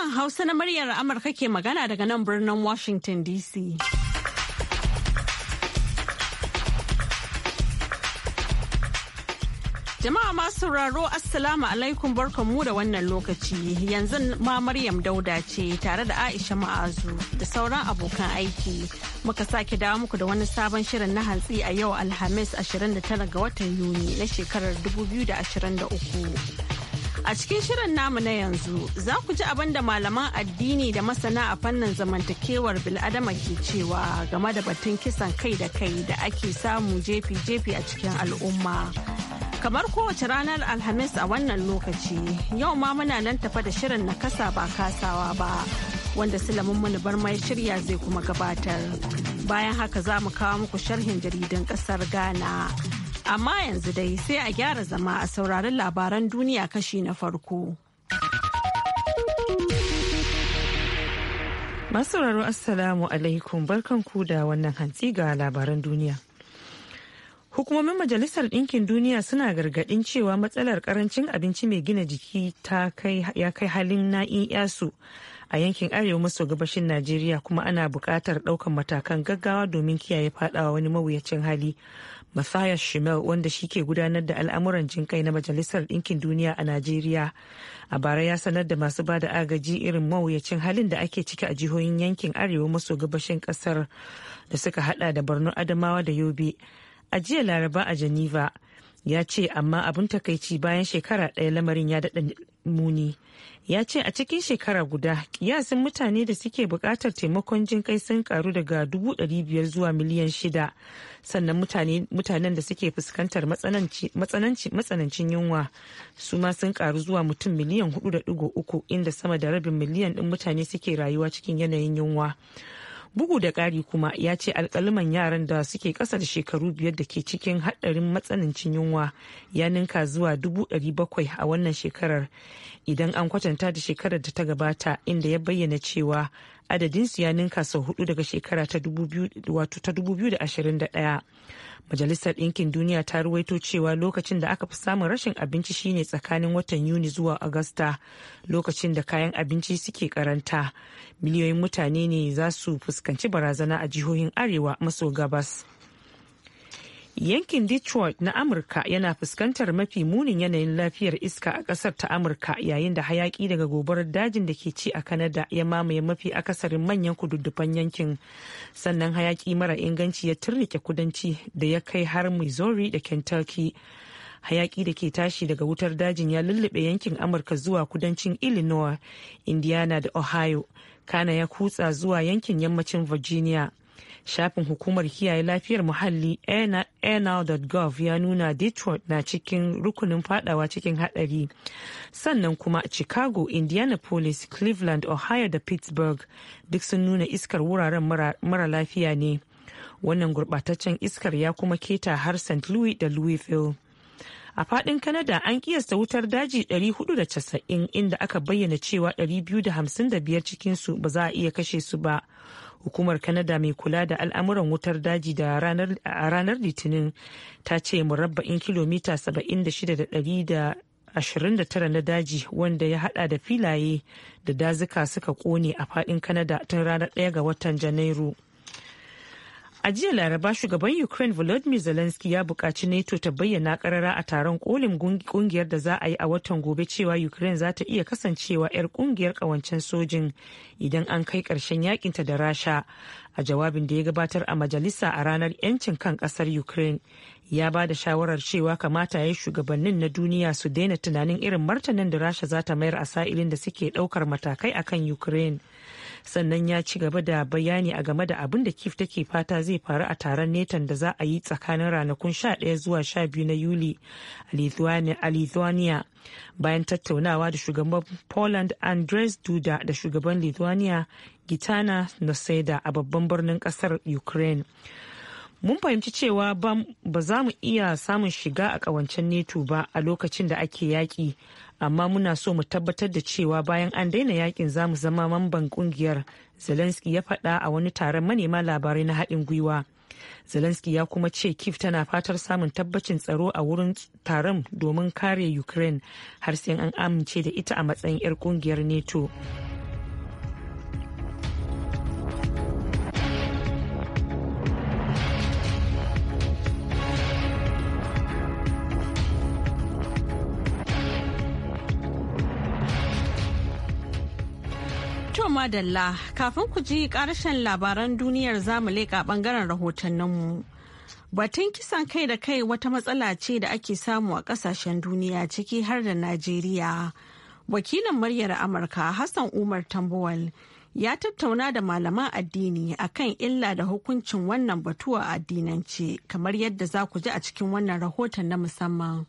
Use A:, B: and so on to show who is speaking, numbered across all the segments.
A: Sashen Hausa na muryar Amurka ke magana daga nan birnin Washington DC. Jama'a masu sauraro Assalamu alaikum barkanmu da wannan lokaci yanzu ma Maryam Dauda ce tare da Aisha Ma'azu da sauran abokan aiki muka sake dawo muku da wani sabon shirin na hantsi a yau Alhamis 29 ga watan Yuni na shekarar 2023. A cikin shirin namu na yanzu za ku ji abin da malaman addini da masana a fannin zamantakewar bil'adama ke cewa game da batun kisan kai da kai da ake samu jefi-jefi a cikin al'umma. Kamar kowace ranar Alhamis a wannan lokaci, yau ma muna nan tafa da shirin na kasa ba kasawa ba, wanda Sulamin muni mai shirya zai kuma gabatar. Bayan haka za mu kawo muku sharhin jaridan ƙasar Ghana. Amma yanzu dai sai a gyara zama a sauraron labaran duniya kashi na farko.
B: Masauraro Assalamu alaikum barkanku da wannan hantsi ga labaran duniya. Hukumomin Majalisar Ɗinkin Duniya suna gargaɗin cewa matsalar karancin abinci mai gina jiki ta kai ya kai halin na'in yasu a yankin arewa maso gabashin Najeriya kuma ana buƙatar ɗaukar matakan gaggawa domin kiyaye faɗawa wani mawuyacin hali Masaya Shimel wanda shi ke gudanar da al'amuran jinkai na Majalisar dinkin Duniya a Najeriya. A bara ya sanar da masu bada agaji irin mawuyacin halin da ake ciki a jihohin yankin arewa maso gabashin kasar da suka hada da Borno Adamawa da Yobe. A jiya Laraba a Geneva ya ce amma abin takaici bayan shekara ɗaya lamarin ya daɗa muni ya ce a cikin shekara guda kiyasin mutane da suke buƙatar taimakon jin kai sun karu daga biyar zuwa miliyan shida sannan mutanen da suke fuskantar matsanancin yunwa su ma sun karu zuwa mutum miliyan 4.3 inda sama da rabin miliyan ɗin mutane suke rayuwa cikin yanayin yunwa bugu da ƙari kuma ya ce alƙaliman yaran da suke ƙasa da shekaru biyar da ke cikin haɗarin matsanancin yunwa ya ninka zuwa dubu ɗari bakwai a wannan shekarar idan an kwatanta da shekarar da ta gabata inda ya bayyana cewa adadinsu ya ninka sau hudu daga shekara ta 2021 majalisar ɗinkin duniya ta ruwaito cewa lokacin da aka fi samun rashin abinci shine tsakanin watan yuni zuwa agusta lokacin da kayan abinci suke karanta miliyoyin mutane ne za su fuskanci barazana a jihohin arewa maso gabas Yankin Detroit na Amurka yana fuskantar mafi munin yanayin lafiyar iska a kasar ta Amurka yayin da hayaki daga gobarar dajin da ke ci a Kanada ya mamaye mafi akasarin manyan kududdufan yankin. Sannan hayaki mara inganci ya turrike kudanci da ya kai har Missouri da Kentucky. Hayaki da ke tashi daga wutar dajin ya lullube yankin Amurka zuwa kudancin Illinois, Indiana da Ohio. Kana ya kutsa zuwa yankin yammacin Virginia. Shafin hukumar kiyaye lafiyar muhalli anal.gov ya nuna Detroit na cikin rukunin fadawa cikin hadari. Sannan kuma Chicago, Indianapolis, Cleveland, Ohio da Pittsburgh duk sun nuna iskar wuraren mara lafiya ne. Wannan gurbataccen iskar ya kuma keta har St. Louis da Louisville. a fadin Canada an kiyasta wutar daji 490 inda aka bayyana cewa 255 cikinsu ba za a iya kashe su ba. Hukumar Canada mai kula da al'amuran wutar daji da ranar Litinin ta ce murabba'in kilomita 76,129 na daji wanda ya hada da filaye da dazuka suka kone a fadin Canada tun ranar 1 ga watan Janairu. A jiya Laraba shugaban Ukraine Volodymyr Zelensky ya bukaci NATO ta bayyana karara a taron kolin kungiyar da za a yi a watan gobe cewa Ukraine za ta iya kasancewa 'yar kungiyar ƙawancen sojin idan an kai ƙarshen yakinta da Rasha. A jawabin da ya gabatar a majalisa a ranar 'yancin kan ƙasar Ukraine ya ba da shawarar cewa kamata ya shugabannin na duniya su daina tunanin irin martanin da Rasha za ta mayar a sa'ilin da suke ɗaukar matakai a kan Ukraine. sannan ya ci gaba da bayani a game da abin da kif take fata zai faru a taron netan da za a yi tsakanin ranakun 11 zuwa 12 na yuli a lithuania bayan tattaunawa da shugaban poland andres duda da shugaban lithuania gitana noseda a babban birnin kasar ukraine mun fahimci cewa ba za mu iya samun shiga a kawancen neto ba a lokacin da ake yaƙi amma muna so mu tabbatar da cewa bayan an daina yakin za mu zama mamban kungiyar zelensky ya faɗa a wani taron manema labarai na haɗin gwiwa zelensky ya kuma ce kif tana fatar samun tabbacin tsaro a wurin taron domin kare ukraine har sai an amince da ita a matsayin 'yar kungiyar neto
A: madalla kafin ku ji karshen labaran duniyar zamu leƙa bangaren rahotanninmu. Batun kisan kai da kai wata matsala ce da ake samu a kasashen duniya ciki har da Najeriya. Wakilin muryar Amurka Hassan Umar Tambuwal ya tattauna da malaman addini akan illa da hukuncin wannan batuwa a addinance kamar yadda za ku ji a cikin wannan rahoton na musamman.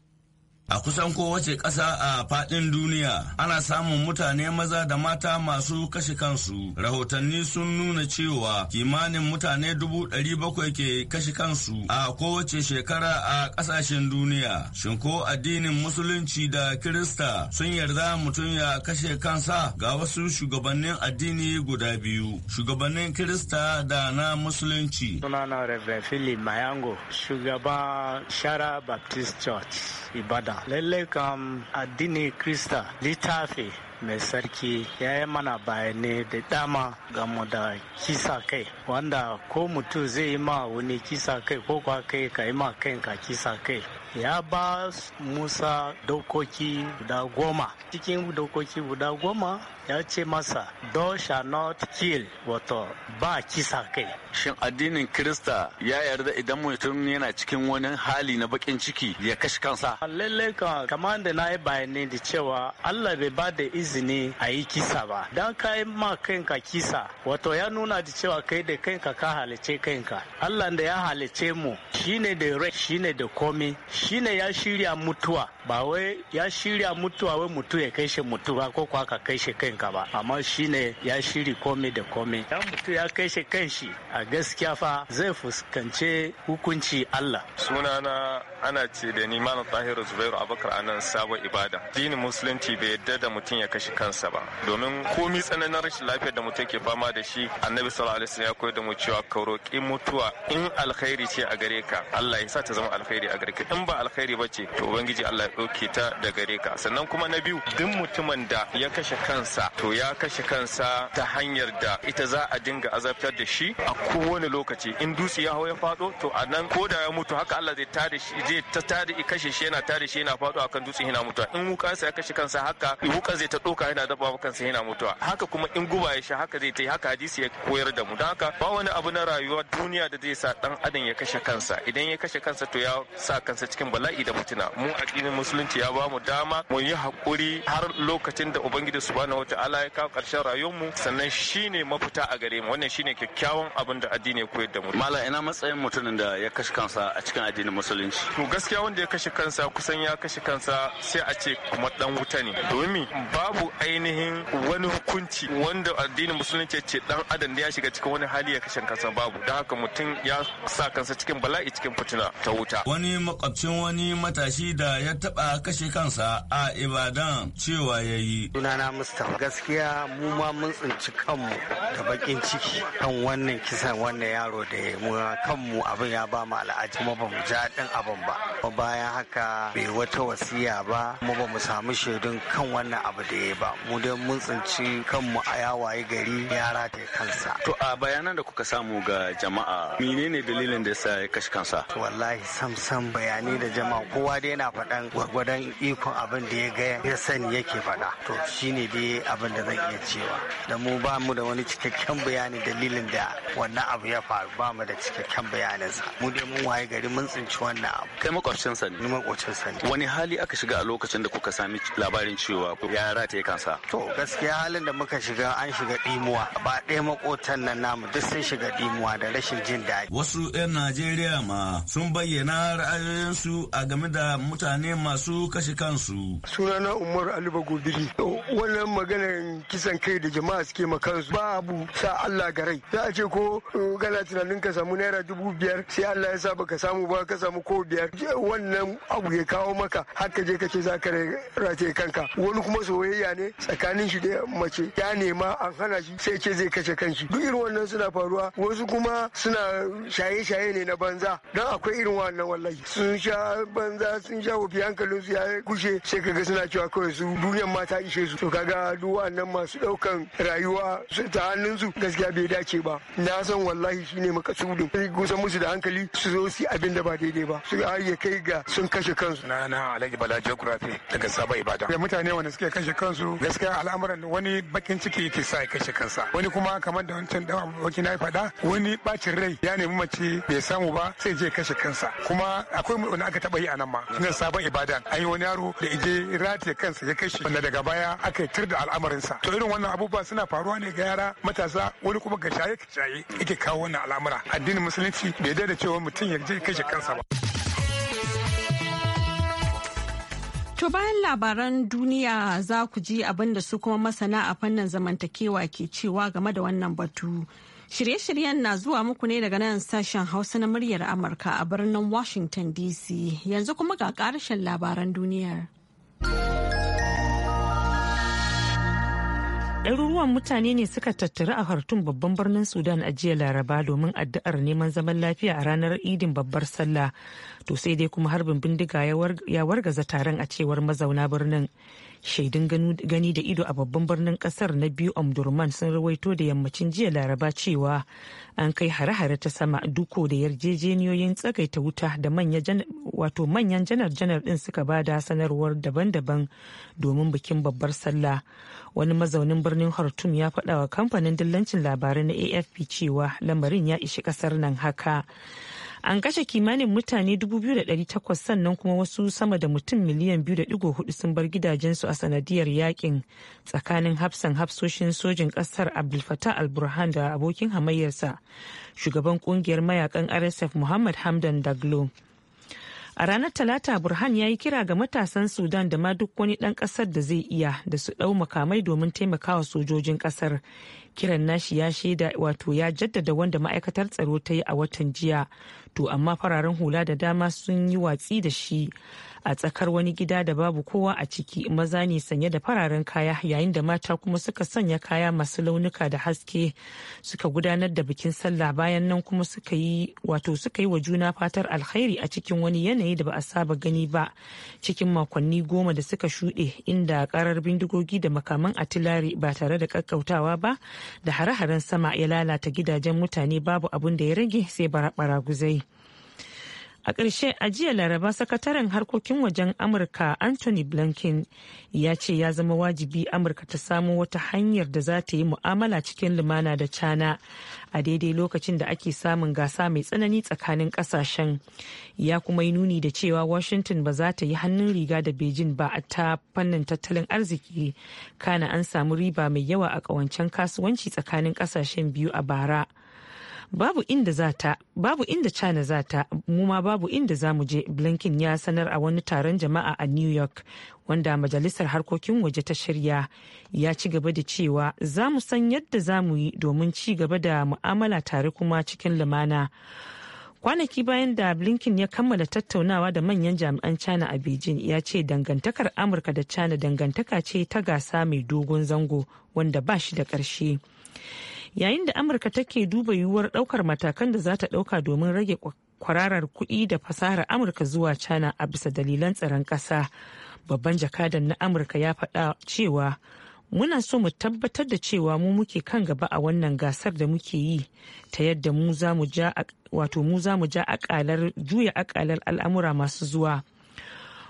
C: A kusan kowace ƙasa a faɗin duniya ana samun mutane maza da mata masu kashe kansu. Rahotanni sun nuna cewa kimanin mutane dubu ɗari bakwai ke kashe kansu a kowace shekara a ƙasashen duniya. Shin ko addinin Musulunci da Kirista sun yarda mutum ya kashe kansa ga wasu shugabannin addini guda biyu. Shugabannin Kirista da na
D: Musulunci. Sunana Reverend Philip Mayango, shugaba Shara Baptist Church, Ibadan. Lallai kam addini Krista littafi mai sarki ya yi mana bayanai da dama mu da kisa kai wanda ko mutum zai yi ma wani kisa kai ko kwa kai ka yi ma ka kisa kai ya ba musa dokoki guda goma cikin dokoki guda goma ya ce masa do shall not kill wato ba kisa kai
C: shin addinin krista ya yarda idan mutum yana cikin wani hali na bakin ciki ya
D: kashi kansa lallai kamar da na yi bayanai da cewa allah bai ba da izini izini a yi kisa ba dan ka ma kanka kisa wato ya nuna da cewa kai da kanka ka halice kanka allah da ya halice mu shine da rai shine da komi shine ya shirya mutuwa ba wai ya shirya mutuwa wai mutu ya kai shi mutu ba ko kwa ka kai shi kanka ba amma shine ya shiri komi da komi ya mutu ya kai shi kanshi a gaskiya fa zai fuskance hukunci allah sunana
E: ana ce da ni malam tahiru zubairu abakar anan sabon ibada dini musulunci bai yadda da mutum ya kai shi kansa ba domin komi tsananin rashin lafiyar da mutum ke fama da shi annabi sallallahu alaihi wasallam ya koyar da mu cewa ka roƙi mutuwa in alkhairi ce a gare ka Allah ya sa ta zama alkhairi a gare ka in ba alkhairi ba ce to ubangiji Allah ya ɗauke ta da gare ka sannan kuma na biyu duk mutumin da ya kashe kansa to ya kashe kansa ta hanyar da ita za a dinga azabtar da shi a kowane lokaci in dutse ya hau ya faɗo to a nan ko da ya mutu haka Allah zai tada shi zai ta tada kashe shi yana tada shi yana faɗo akan dutse yana mutuwa in wuka ya kashe kansa haka wuka zai ta ɗauka yana dafa kansa yana mutuwa haka kuma in guba ya sha haka zai ta haka hadisi ya koyar da mu don haka ba wani abu na rayuwa duniya da zai sa dan adam ya kashe kansa idan ya kashe kansa to ya sa kansa cikin bala'i da mutuna mu addinin musulunci ya ba mu dama mu yi hakuri har lokacin da ubangiji subhanahu wataala ya kawo karshen rayuwar mu sannan shine mafita a gare mu wannan shine kyakkyawan abin da addini ya koyar da mu mala
C: ina matsayin mutumin da ya kashe kansa a cikin addinin musulunci
E: to gaskiya wanda ya kashe kansa kusan ya kashe kansa sai a ce kuma dan wuta ne domin ba babu ainihin wani hukunci wanda addinin musulunci ce dan adam ya shiga cikin wani hali ya kashe kansa babu don haka mutum ya sa kansa cikin bala'i cikin fitina ta wuta
C: wani makwabcin wani matashi da ya taba kashe kansa a ibadan cewa ya yi
F: sunana mustapha gaskiya mu ma mun tsinci kanmu da bakin ciki kan wannan kisan wannan yaro da ya mu kanmu abin ya ba mu al'aji kuma ba mu ji daɗin abin ba bayan haka bai wata wasiya ba kuma ba mu samu shaidun kan wannan abu da daidai ba mu dai mun tsinci kanmu a yawaye gari yara ta
C: kansa to a bayanan da kuka samu ga jama'a menene dalilin da yasa ya kashi kansa to
F: wallahi sam sam bayanai da jama'a kowa dai yana faɗan gwargwadon ikon abin da ya ga ya sani yake faɗa to shine dai abin da zan iya cewa da mu ba mu da wani cikakken bayani dalilin da wannan abu ya faru ba mu da cikakken bayanin sa. mu dai mun waye gari mun tsinci wannan abu
C: kai sa ne ni sa ne wani hali aka shiga a lokacin da kuka sami labarin cewa yara ta kansa.
F: To gaskiya halin da muka shiga an shiga ɗimuwa ba ɗaya makotan nan namu duk sun shiga ɗimuwa da rashin jin daɗi.
C: Wasu 'yan Najeriya ma sun bayyana ra'ayoyinsu a game da mutane masu kashe kansu.
G: Sunana Umar Ali Bagobiri. Wannan maganar kisan kai da jama'a suke ma kansu ba sa Allah garai. rai. Za a ce ko kana tunanin ka samu naira dubu biyar sai Allah ya sa baka samu ba ka samu ko biyar. Wannan abu ya kawo maka har ka je ka ce za ka rataye kanka. Wani kuma soyayya soyayya ne tsakanin shi da mace ya nema an hana shi sai ce zai kashe kanshi duk irin wannan suna faruwa wasu kuma suna shaye-shaye ne na banza don akwai irin wannan wallahi sun sha banza sun sha wofi hankalin su ya kushe sai kaga suna cewa kawai su duniyar mata ishe su to kaga duk wannan masu daukan rayuwa ta hannun su gaskiya bai dace ba na san wallahi shine makasudin sai gusa musu da hankali su zo su abin da ba daidai ba su har ya kai ga sun kashe kansu
H: na na Alhaji Bala Geography daga Saba Ibadan
G: mutane wanda suke kashe kansu yanzu gaskiya al'amuran
H: wani bakin ciki yake sa ya kashe kansa wani kuma kamar da wancan dan aboki na faɗa wani bacin rai ya nemi mace bai samu ba sai je kashe kansa kuma akwai wani aka taba yi a nan ma na sabon ibada an yi wani yaro da ije rataye kansa ya kashe wanda daga baya aka tur da al'amarinsa to irin wannan abubuwa suna faruwa ne ga yara matasa wani kuma ga shaye-shaye yake kawo wannan al'amura addinin musulunci bai da cewa mutum ya je kashe kansa ba.
A: To bayan labaran duniya za ku ji abin da su kuma masana a fannin zamantakewa ke cewa game da wannan batu. Shirye-shiryen na zuwa muku ne daga nan sashen Hausa na muryar Amurka a birnin Washington DC. Yanzu kuma ga ƙarshen labaran duniyar.
B: ɗaruruwan mutane ne suka tattara a hartun babban birnin sudan a jiya laraba domin addu'ar neman zaman lafiya a ranar idin babbar sallah to sai dai kuma harbin bindiga ya wargaza taron a cewar mazauna birnin shaidun gani da ido a babban birnin kasar na biyu amdurman sun rawaito da yammacin jiya laraba cewa an kai hare-hare ta sama duko da yarjejeniyoyin tsagaita wuta da manyan janar-janar din suka bada sanarwar daban-daban domin bikin babbar sallah wani mazaunin birnin hartum ya faɗa wa kamfanin dillancin labarai na afp cewa lamarin ya ishi ƙasar nan haka an kashe kimanin mutane 2,800 sannan kuma wasu sama da mutum miliyan 2.4 sun bar gidajensu a sanadiyar yakin tsakanin hafsan hafsoshin sojin kasar abdulfatah al-burhan da abokin hamayyarsa shugaban kungiyar mayakan rsf muhammad hamdan daglo A ranar Talata Burhan ya yi kira ga matasan Sudan da ma duk wani ɗan ƙasar da zai iya da su ɗau makamai domin taimakawa sojojin ƙasar. Kiran nashi ya shaida wato ya jaddada wanda ma'aikatar tsaro ta yi a watan jiya. To amma fararen hula da dama sun yi watsi da shi. a tsakar wani gida da babu kowa a ciki maza ne sanye da fararen kaya yayin da mata kuma suka sanya kaya masu launuka da haske suka gudanar da bikin sallah bayan nan kuma suka yi wato suka yi wa juna fatar alkhairi a cikin wani yanayi da ba a saba gani ba cikin makonni goma da suka shuɗe inda karar bindigogi da makaman atilari ba tare da kakkautawa ba da hare-haren sama ya lalata gidajen mutane babu abin da ya rage sai bara-bara guzai. A ƙarshe a jiya Laraba sakataren harkokin wajen Amurka Anthony Blinken ya ce ya zama wajibi Amurka ta samu wata hanyar da za ta yi mu'amala cikin lumana da cana a daidai lokacin da ake samun gasa mai tsanani tsakanin ƙasashen. Ya kuma yi nuni da cewa Washington ba za ta yi hannun riga da Beijing ba a ta fannin tattalin arziki kana an samu riba mai yawa a ƙawancen kasuwanci tsakanin ƙasashen biyu a bara. babu inda zata babu inda china zata mu ma babu inda za mu je blinken ya sanar a wani taron jama'a a new york wanda majalisar harkokin waje ta shirya ya ci gaba da cewa za mu san yadda za mu yi domin ci gaba da mu'amala tare kuma cikin lumana kwanaki bayan da blinken ya kammala tattaunawa da manyan jami'an china a beijing ya ce dangantakar amurka da china dangantaka ce ta gasa mai dogon zango wanda ba shi da ƙarshe yayin da amurka take duba yiwuwar daukar matakan da za ta dauka domin rage kwararar kuɗi da fasahar amurka zuwa china a bisa dalilan tsaron ƙasa babban jakadan na amurka ya faɗa cewa muna so mu tabbatar da cewa mu muke kan gaba a wannan gasar da muke yi ta yadda mu za mu ja akalar juya akalar al'amura masu zuwa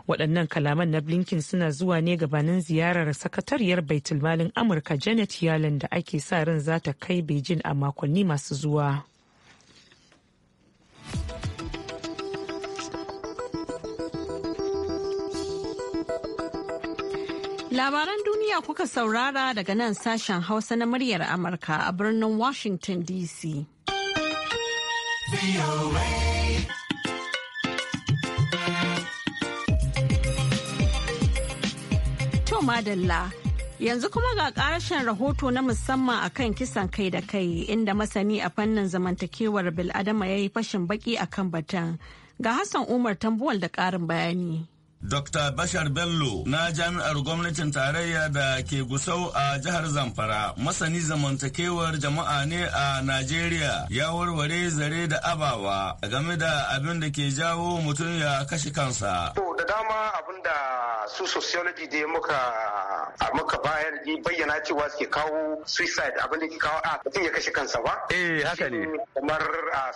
B: waɗannan kalaman na blinken suna zuwa ne gabanin ziyarar sakatariyar baitulmalin amurka janet yalen da ake sa ran za ta kai beijing a makonni masu zuwa
A: Labaran duniya kuka saurara daga nan sashen Hausa na muryar Amurka a birnin Washington DC. madalla. Yanzu kuma ga ƙarashen rahoto na musamman a kan kisan kai da kai inda masani a fannin zamantakewar bil'adama ya yi fashin baki akan batun. Ga Hassan Umar tambuwal da ƙarin bayani.
C: Dr. Bashar Bello na jami'ar gwamnatin tarayya da ke Gusau a jihar Zamfara masani zamantakewar jama'a ne a Najeriya ya warware zare da abawa game da abin da ke jawo mutum ya kashe kansa. To
I: da dama abin da su sociology da muka a muka bayar yi bayyana cewa suke kawo suicide abin da ke kawo a mutum ya kashe kansa ba. Eh haka ne. Kamar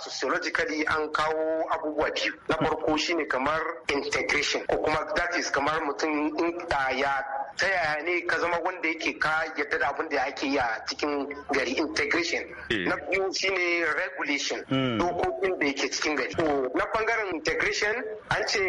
I: sociologically an kawo abubuwa biyu. Na farko shine kamar integration ko kuma kuma that is kamar mutum ah, ya ta yaya ne ka zama wanda yake ka yadda da abin da ake yi a cikin gari integration eh. na biyu shine regulation hmm. dokokin da yake cikin gari na bangaren integration an ce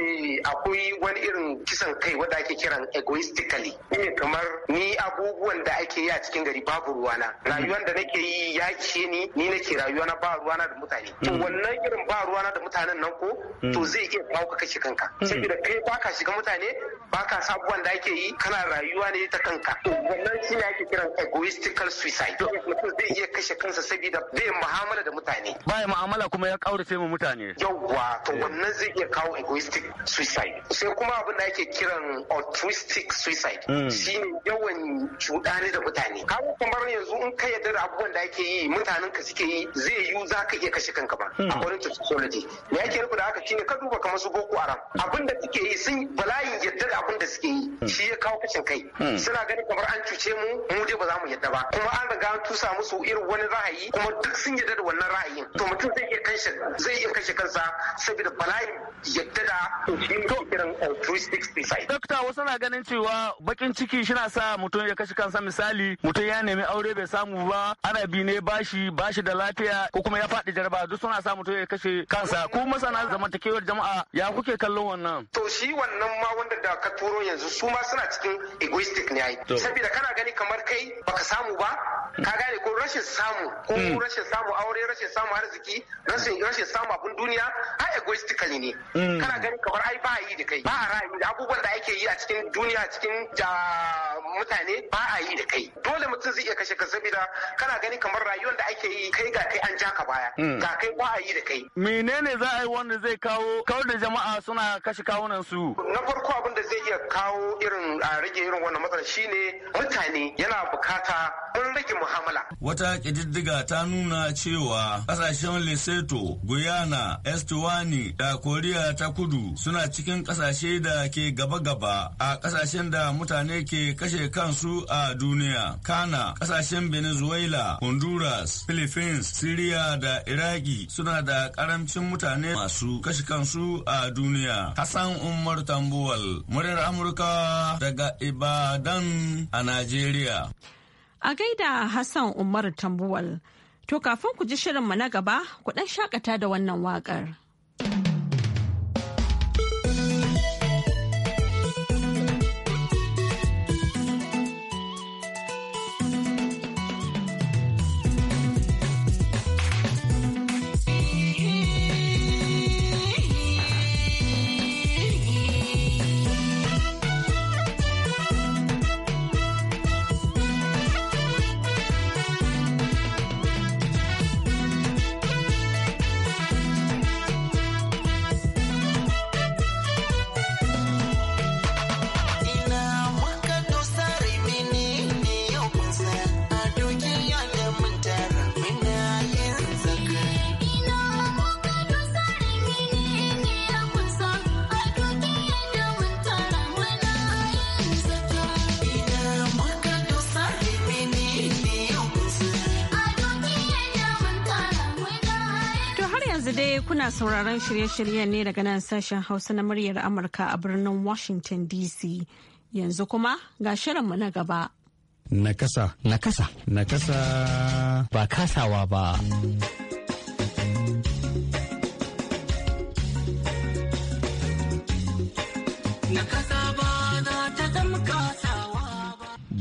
I: akwai wani irin kisan kai wanda ake kiran egoistically ne kamar ni abubuwan da ake yi a cikin gari babu ruwana hmm. rayuwar da nake yi ya ce ni ni nake rayuwa na ba ruwana da mutane to hmm. wannan irin ba ruwana da mutanen nan ko to zai iya kawo ka kashe kanka saboda kai baka shiga mutane baka sabuwan da ake yi kana rayuwa ne ta kanka wannan shi ne ake kiran
C: egoistical suicide mutum zai iya kashe kansa saboda bai mu'amala da mutane bai mu'amala kuma ya kaurace mu mutane yawwa to eh. wannan
I: zai iya kawo egoistic suicide sai kuma abin da ake kiran altruistic suicide hmm. ne yawan cuɗani da mutane kawo kamar yanzu in ka yarda da abubuwan da ake yi mutanen ka suke yi zai yiwu za ka iya kashe kanka ba hmm. according to sociology me yake nufi da haka shine ka duba kamar su boko haram abin da suke yi sun bala'in yarda da abin da suke yi hmm. shi ya kawo kashe kai hmm. suna ganin kamar an cuce mu mu dai ba za mu yadda ba kuma an riga an tusa musu irin wani ra'ayi kuma duk sun yadda da wannan ra'ayin to mutum zai iya kashe zai iya kashe kansa saboda bala'i yadda da to kiran altruistic suicide dokta wasu na ganin cewa
C: bakin ciki shi na sa mutum ya kashe kansa misali mutum ya nemi aure bai samu ba ana bi ne bashi bashi da lafiya ko kuma ya faɗi jaraba duk suna sa mutum ya kashe kansa ko masana zamantakewar jama'a ya kuke kallon wannan
I: to shi wannan ma wanda da ka turo yanzu su ma suna cikin egoistic ne ai saboda kana gani kamar kai baka samu ba ka gane ko rashin samu ko hmm. rashin samu aure rashin samu arziki rashin samu abun duniya a egoistically ne hmm. kana gani kamar ai ba yi da kai ba a ra'ayi da abubuwan da ake yi a cikin duniya a cikin mutane ba a yi da kai dole mutum zai iya kashe ka saboda kana gani kamar rayuwar da ake yi kai ga kai an ja ka baya hmm. ga kai ba a yi da kai
C: menene za a yi wanda zai kawo kawar da jama'a suna kashe kawunan su
I: na farko abin da zai iya kawo irin a rage irin wannan matsalar shine mutane yana bukata an rage
C: mu'amala. Wata ƙididdiga ta nuna cewa ƙasashen Lesotho, Guyana, Estuani da Koriya ta kudu suna cikin ƙasashe da ke gaba-gaba a ƙasashen da mutane ke kashe kansu a duniya. Kana, ƙasashen Venezuela, Honduras, Philippines, Syria da Iraki suna da ƙaramcin mutane masu kashe kansu a duniya. Hassan Umar Tambuwal, muryar Amurka daga Ibadan a Najeriya.
A: A gaida Hassan Umar Tambuwal, to kafin ku ji shirinmu na gaba, ku ɗan shakata da wannan waƙar. dai kuna sauraron shirye-shiryen ne daga nan sashen Hausa na muryar Amurka a birnin Washington DC. Yanzu kuma ga shirinmu na gaba.
D: Nakasa. Nakasa. Nakasa. Ba kasawa ba.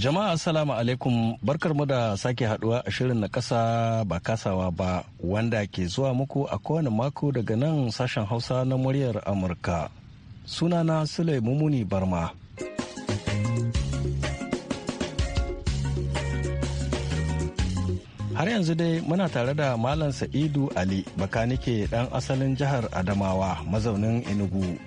J: Jama'a Assalamu alaikum barkar mu da sake haduwa a shirin na kasa ba kasawa ba wanda ke zuwa muku a kowane mako daga nan sashen Hausa na muryar Amurka. Sunana Sule Mumuni Barma. Har yanzu dai muna tare da Malam Sa'idu Ali bakanike dan asalin jihar Adamawa mazaunin Enugu.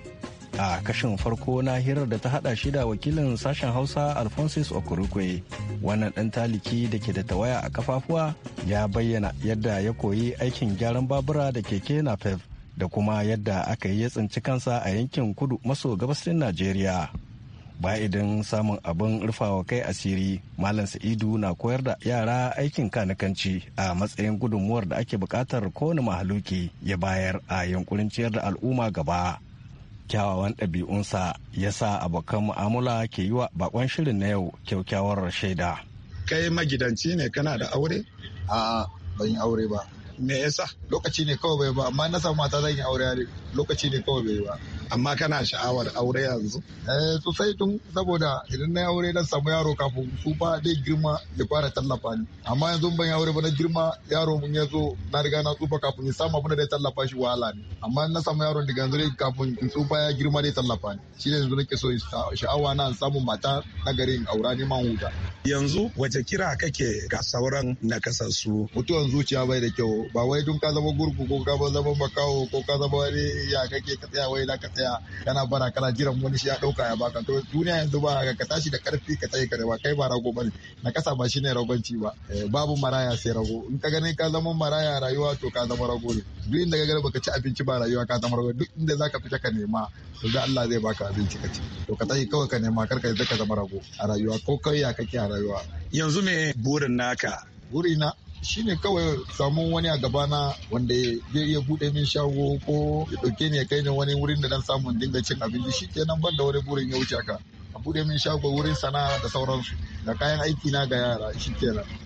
J: a kashin farko na hirar da ta hada shi da wakilin sashen hausa alphonsus okurukwe wannan dan taliki da ke da tawaya a kafafuwa ya bayyana yadda ya koyi aikin gyaran babura da keke na napep da kuma yadda aka yi ya tsinci kansa a yankin kudu maso gabasin najeriya ba idan samun abin rufawa kai asiri malam sa'idu na koyar da yara aikin kanikanci a matsayin gudunmuwar da ake bukatar kowane mahaluki ya bayar a yankurin ciyar da al'umma gaba kyawawan ɗabi'unsa ya sa abokan mu'amala ke yi wa bakon shirin na yau kyaukyawar shaida.
H: Kai magidanci ne kana da aure? A'a ban yi aure ba. Me yasa? Lokaci ne kawai bai ba amma na samu mata zan yi aure ne. lokaci ne kawai bai ba amma kana sha'awar aure yanzu eh sosai tun saboda idan na aure na samu yaro kafin su ba dai girma ya fara tallafa ni amma yanzu ban aure ba na girma yaro mun ya zo na riga na tsufa kafin ya samu abin da ya tallafa shi wahala ne amma na samu yaron daga yanzu dai kafin in tsufa ya girma dai tallafa ni shi ne yanzu nake so sha'awa na samu mata na garin aura man huta yanzu wace kira kake ga sauran nakasassu mutuwan zuciya bai da kyau ba wai dun ka zama gurgu ko ka zama makawo ko ka zama wani ya kake ka tsaya wai ka tsaya kana bara kana jiran wani shi ya dauka ya baka to duniya yanzu ba ka tashi da karfi ka tsaye ka rewa kai ba rago bane na kasa ba shine ragonci ba eh, babu maraya sai rago in ka gani ka zama maraya rayuwa to ka zama rago ne duk inda ka gani baka ci abinci ba rayuwa ka zama rago duk inda zaka fita ka nema to da Allah zai baka abinci ka ci to ka tsaye kawai ka nema karka zaka zama rago a rayuwa ko kai ya kake a rayuwa yanzu me
G: burin naka
H: burina Shi ne kawai samu wani a gabana wanda zai iya bude min shago ko ya dauke ni ya kai ni wani wurin da dan samun dinga cin abinci shi kenan ban da wani burin ya wuce ka. a bude min shago wurin sana'a da sauransu da kayan aiki na ga yara shi kenan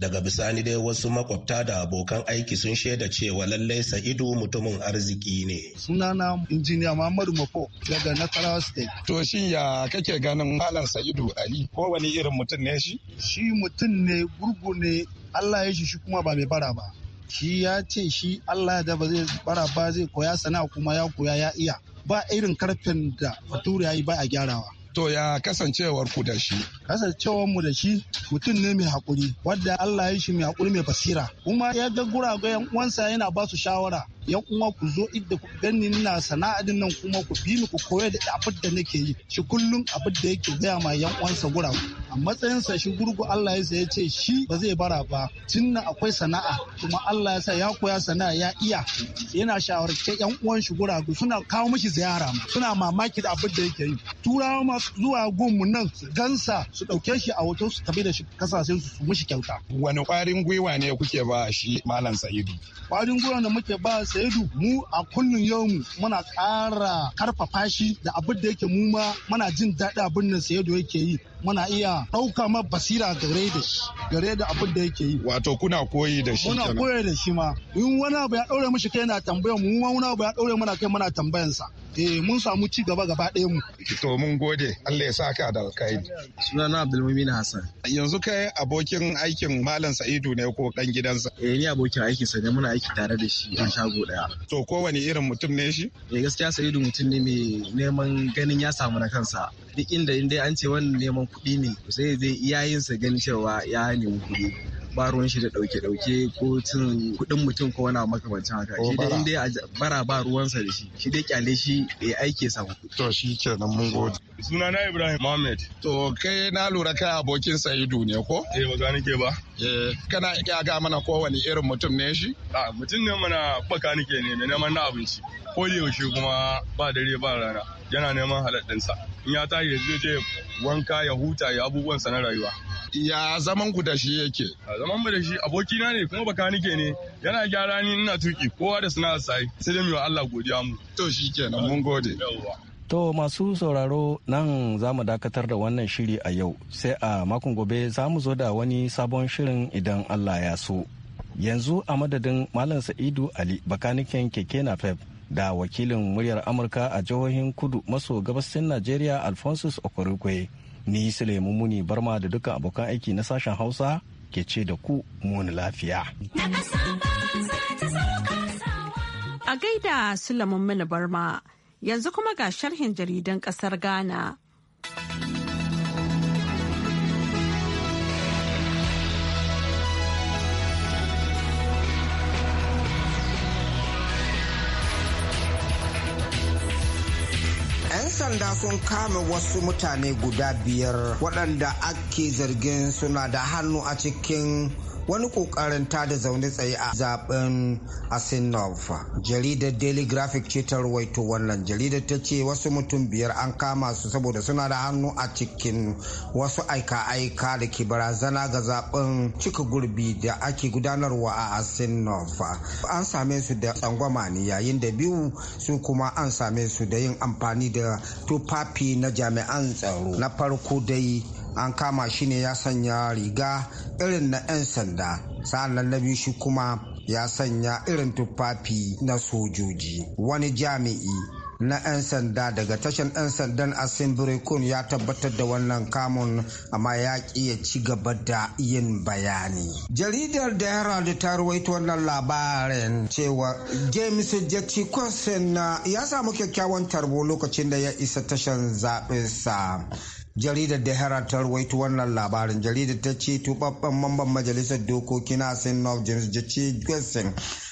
J: daga bisani dai wasu makwabta da abokan aiki sun shaida cewa lallai sa'idu
G: mutumin
D: arziki ne
G: sunana injiniya muhammadu mafo daga nasarawa state to shin ya kake ganin malam sa'idu ali wani irin mutum ne shi shi mutum ne gurgu ne allah ya shi shi kuma ba mai bara ba shi ya ce shi allah da ba zai bara ba zai koya sana'a kuma ya koya ya iya ba irin karfin da bature ya yi ba a gyarawa to ya kasancewar ku da shi kasancewar mu da shi mutum ne mai hakuri wadda Allah ya shi mai hakuri mai basira kuma ya ga gurago yan uwansa yana ba su shawara yan uwa ku zo idda ku ganni na sana'a din nan kuma ku bi ni ku koyar da abin da nake yi shi kullum abin da yake gaya ma yan uwansa gurago a matsayinsa shi gurgu Allah ya sa ya ce shi ba zai bara ba Tun nan akwai sana'a kuma Allah ya sa ya koya sana'a ya iya yana shawarce yan uwan shi gurago suna kawo mishi ziyara suna mamaki da abin da yake yi turawa ma zuwa mu nan gansa su ɗauke shi a wato su tafi da shi kasashen su su kyauta. Wani ƙwarin gwiwa ne kuke ba shi Malam Sa'idu? Ƙwarin gwiwa da muke ba Sa'idu mu a kullun yau muna ƙara karfafa shi da abin da yake mu ma muna jin daɗi abin da Sa'idu yake yi. muna iya ɗauka ma basira gare da shi gare da abin da yake yi wato kuna koyi da shi muna koyi da shi ma in wani abu ya ɗaure mishi kai na tambayar mu wani abu ya ɗaure mana kai muna tambayan sa eh mun samu ci gaba gaba ɗaya mu to mun
J: gode Allah ya saka da alkhairi sunana Abdulmumin Hassan yanzu kai abokin aikin Malam Sa'idu ne ko dan gidansa eh ni abokin aikin sa ne muna aiki tare da shi a shago daya to kowane irin mutum ne shi eh gaskiya Sa'idu mutum ne mai neman ganin ya samu na kansa duk inda inda an ce wannan neman kuɗi ne sai zai iyayensa ganin cewa ya nemi kuɗi ba ruwan shi da dauke-dauke ko cin kuɗin mutum ko wani makamancin haka shi dai inda ya bara ba ruwansa da shi shi dai kyale shi ya aike sa to shi ke nan mun gode
G: suna na ibrahim mohammed to kai na lura kai abokin sa'idu ne ko eh ba gani ke ba eh kana iya ga mana kowane irin mutum ne shi a mutum ne mana baka nake ne ne
C: neman na abinci ko da yaushe kuma ba dare ba rana yana neman halaɗinsa in ya
E: tashi zai je wanka ya huta ya sa na rayuwa ya zaman ku da shi yake
C: a zaman mu da shi abokina ne kuma baka nike ne yana gyara ni ina tuki kowa da suna sai sai da wa Allah godiya mu to shikenan mun gode
J: To masu sauraro nan za mu dakatar da wannan shiri a yau sai a makon gobe za mu zo da wani sabon shirin idan Allah ya so. Yanzu a madadin Malam Sa'idu Ali bakaniken keke na da wakilin muryar amurka a jihohin kudu maso gabasin najeriya alphonsus okorikwe ni sulaimu muni barma da duka abokan aiki na sashen hausa ke ce da ku muni lafiya
A: a gaida sulaimun muni barma yanzu kuma ga sharhin jaridan kasar ghana
F: sanda sun kama wasu mutane guda biyar waɗanda ake zargin suna da hannu a cikin wani kokarin ta da zaune tsaye a zaben asinov jaridar daily graphic ce ta ruwaito wannan jaridar ta ce wasu mutum biyar an kama su saboda suna da hannu a cikin wasu aika-aika da ke barazana ga zaben cika gurbi da ake gudanarwa a asinov an same su da tsangwama ne yayin da biyu su kuma an same su da yin amfani da tufafi na jami'an tsaro na farko dai an kama shi ne ya sanya riga irin na 'yan sanda sa'an na biyu shi kuma ya sanya irin tufafi na sojoji wani jami'i na 'yan sanda daga tashin 'yan sandan asin ya tabbatar da wannan kamun amma ya ƙi ya ci gaba da yin bayani jaridar da herald ta ruwaito wannan labarin cewa james jackson na ya samu kyakkyawan tarbo lokacin da ya isa tashin zaɓinsa jaridar da herald ta ruwaito wannan labarin jaridar ta ce tubabban mamban majalisar dokoki na sinov james jace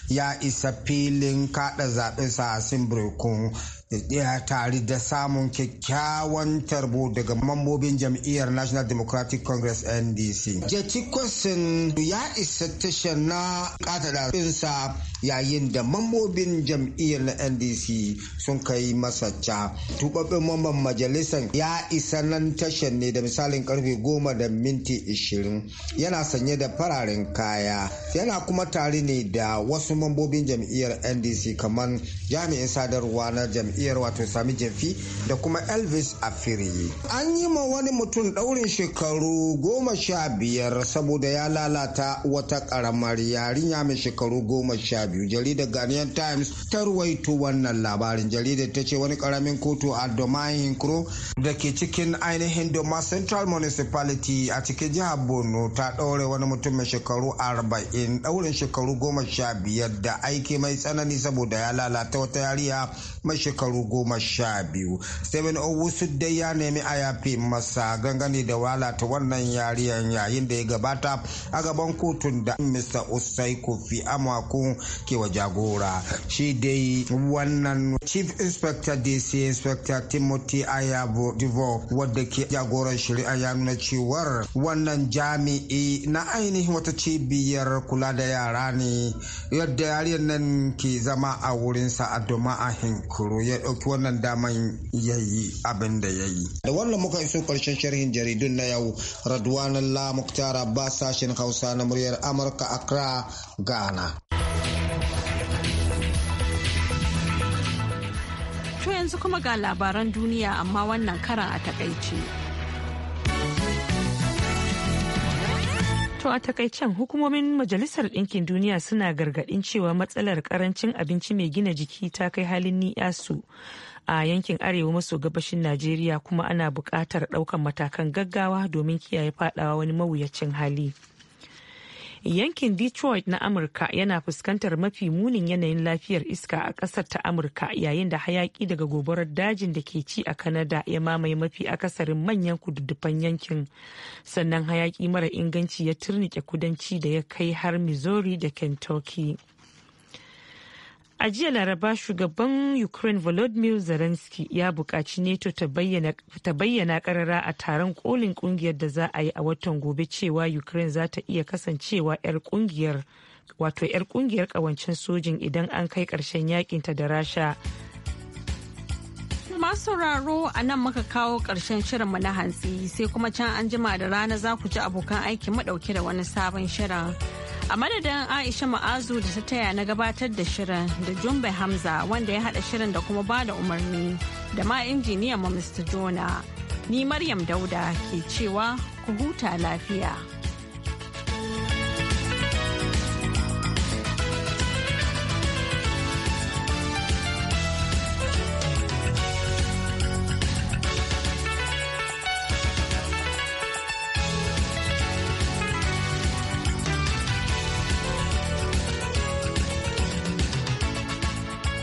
F: ya isa filin kada zaɓensa a simbirkun ɗaya tare da samun kyakkyawan tarbo daga mambobin jam'iyyar national democratic congress ndc jeci kwasin ya isa tashar na katada ɗinsa yayin da mambobin jam'iyyar na ndc sun kai masa ca tubabben mamban majalisar ya isa nan tashar ne da misalin karfe goma da minti ishirin yana sanye da fararen kaya yana kuma tare ne da wasu mambobin jam'iyyar ndc kamar jami'in sadarwa na jam'iyyar jam'iyyar wato sami jamfi da kuma elvis a afiri an yi ma wani mutum daurin shekaru goma sha biyar saboda ya lalata wata karamar yarinya mai shekaru goma sha biyu jaridar ghanaian times ta ruwaito wannan labarin jaridar ta ce wani karamin kotu a domain kro da ke cikin ainihin doma central municipality a cikin jihar borno ta daure wani mutum mai shekaru arba'in daurin shekaru goma sha biyar da aiki mai tsanani saboda ya lalata wata yariya mai shekaru goma sha biyu seven owusu dai ya nemi a masa gangane da walata wannan yariyan yayin da ya gabata a gaban kotun da mr usai kofi amaku ke wa jagora shi dai wannan chief inspector dc inspector timothy ayabo divo wadda ke jagoran shari'a ya nuna cewar wannan jami'i na ainihin wata cibiyar kula da yara ne yadda yariyan nan ke zama a wurinsa a domin a koro ya ɗauki wannan daman ya yi abin da ya yi da wannan muka iso ƙarshen sharhin jaridun na yau radwanan la muktara ba sashen hausa na muryar amurka accra ghana
A: to yanzu kuma ga labaran duniya amma wannan karan a takaice.
B: To a takaicen hukumomin Majalisar Ɗinkin Duniya suna gargaɗin cewa matsalar karancin abinci mai gina jiki ta kai halin ni'yasu a yankin arewa maso gabashin Najeriya kuma ana buƙatar ɗaukan matakan gaggawa domin kiyaye faɗawa wani mawuyacin hali. yankin detroit na amurka yana fuskantar mafi munin yanayin lafiyar iska a ƙasar ta amurka yayin da hayaki daga gobarar dajin da ke ci a kanada ya mamaye mafi akasarin manyan kududdufan yankin sannan hayaki mara inganci ya turnike kudanci da ya kai har missouri da kentucky A jiya Laraba shugaban Ukraine Volodymyr Zelensky ya buƙaci NATO ta bayyana karara a taron kolin kungiyar da za a yi a watan gobe cewa Ukraine za ta iya kasancewa 'yar kungiyar wato 'yar kungiyar kawancin sojin idan an kai ƙarshen yakinta da Rasha.
A: Masu sauraro a nan muka kawo ƙarshen mu na hantsi sai kuma can an jima da rana za ku ji abokan aiki mu da wani sabon shirin. A madadin Aisha Ma'azu da ta taya na gabatar da shirin da Jumbe Hamza wanda ya haɗa shirin da kuma ba da umarni da ma injiniyan ma Mr. Jona. Ni Maryam Dauda ke cewa ku huta lafiya.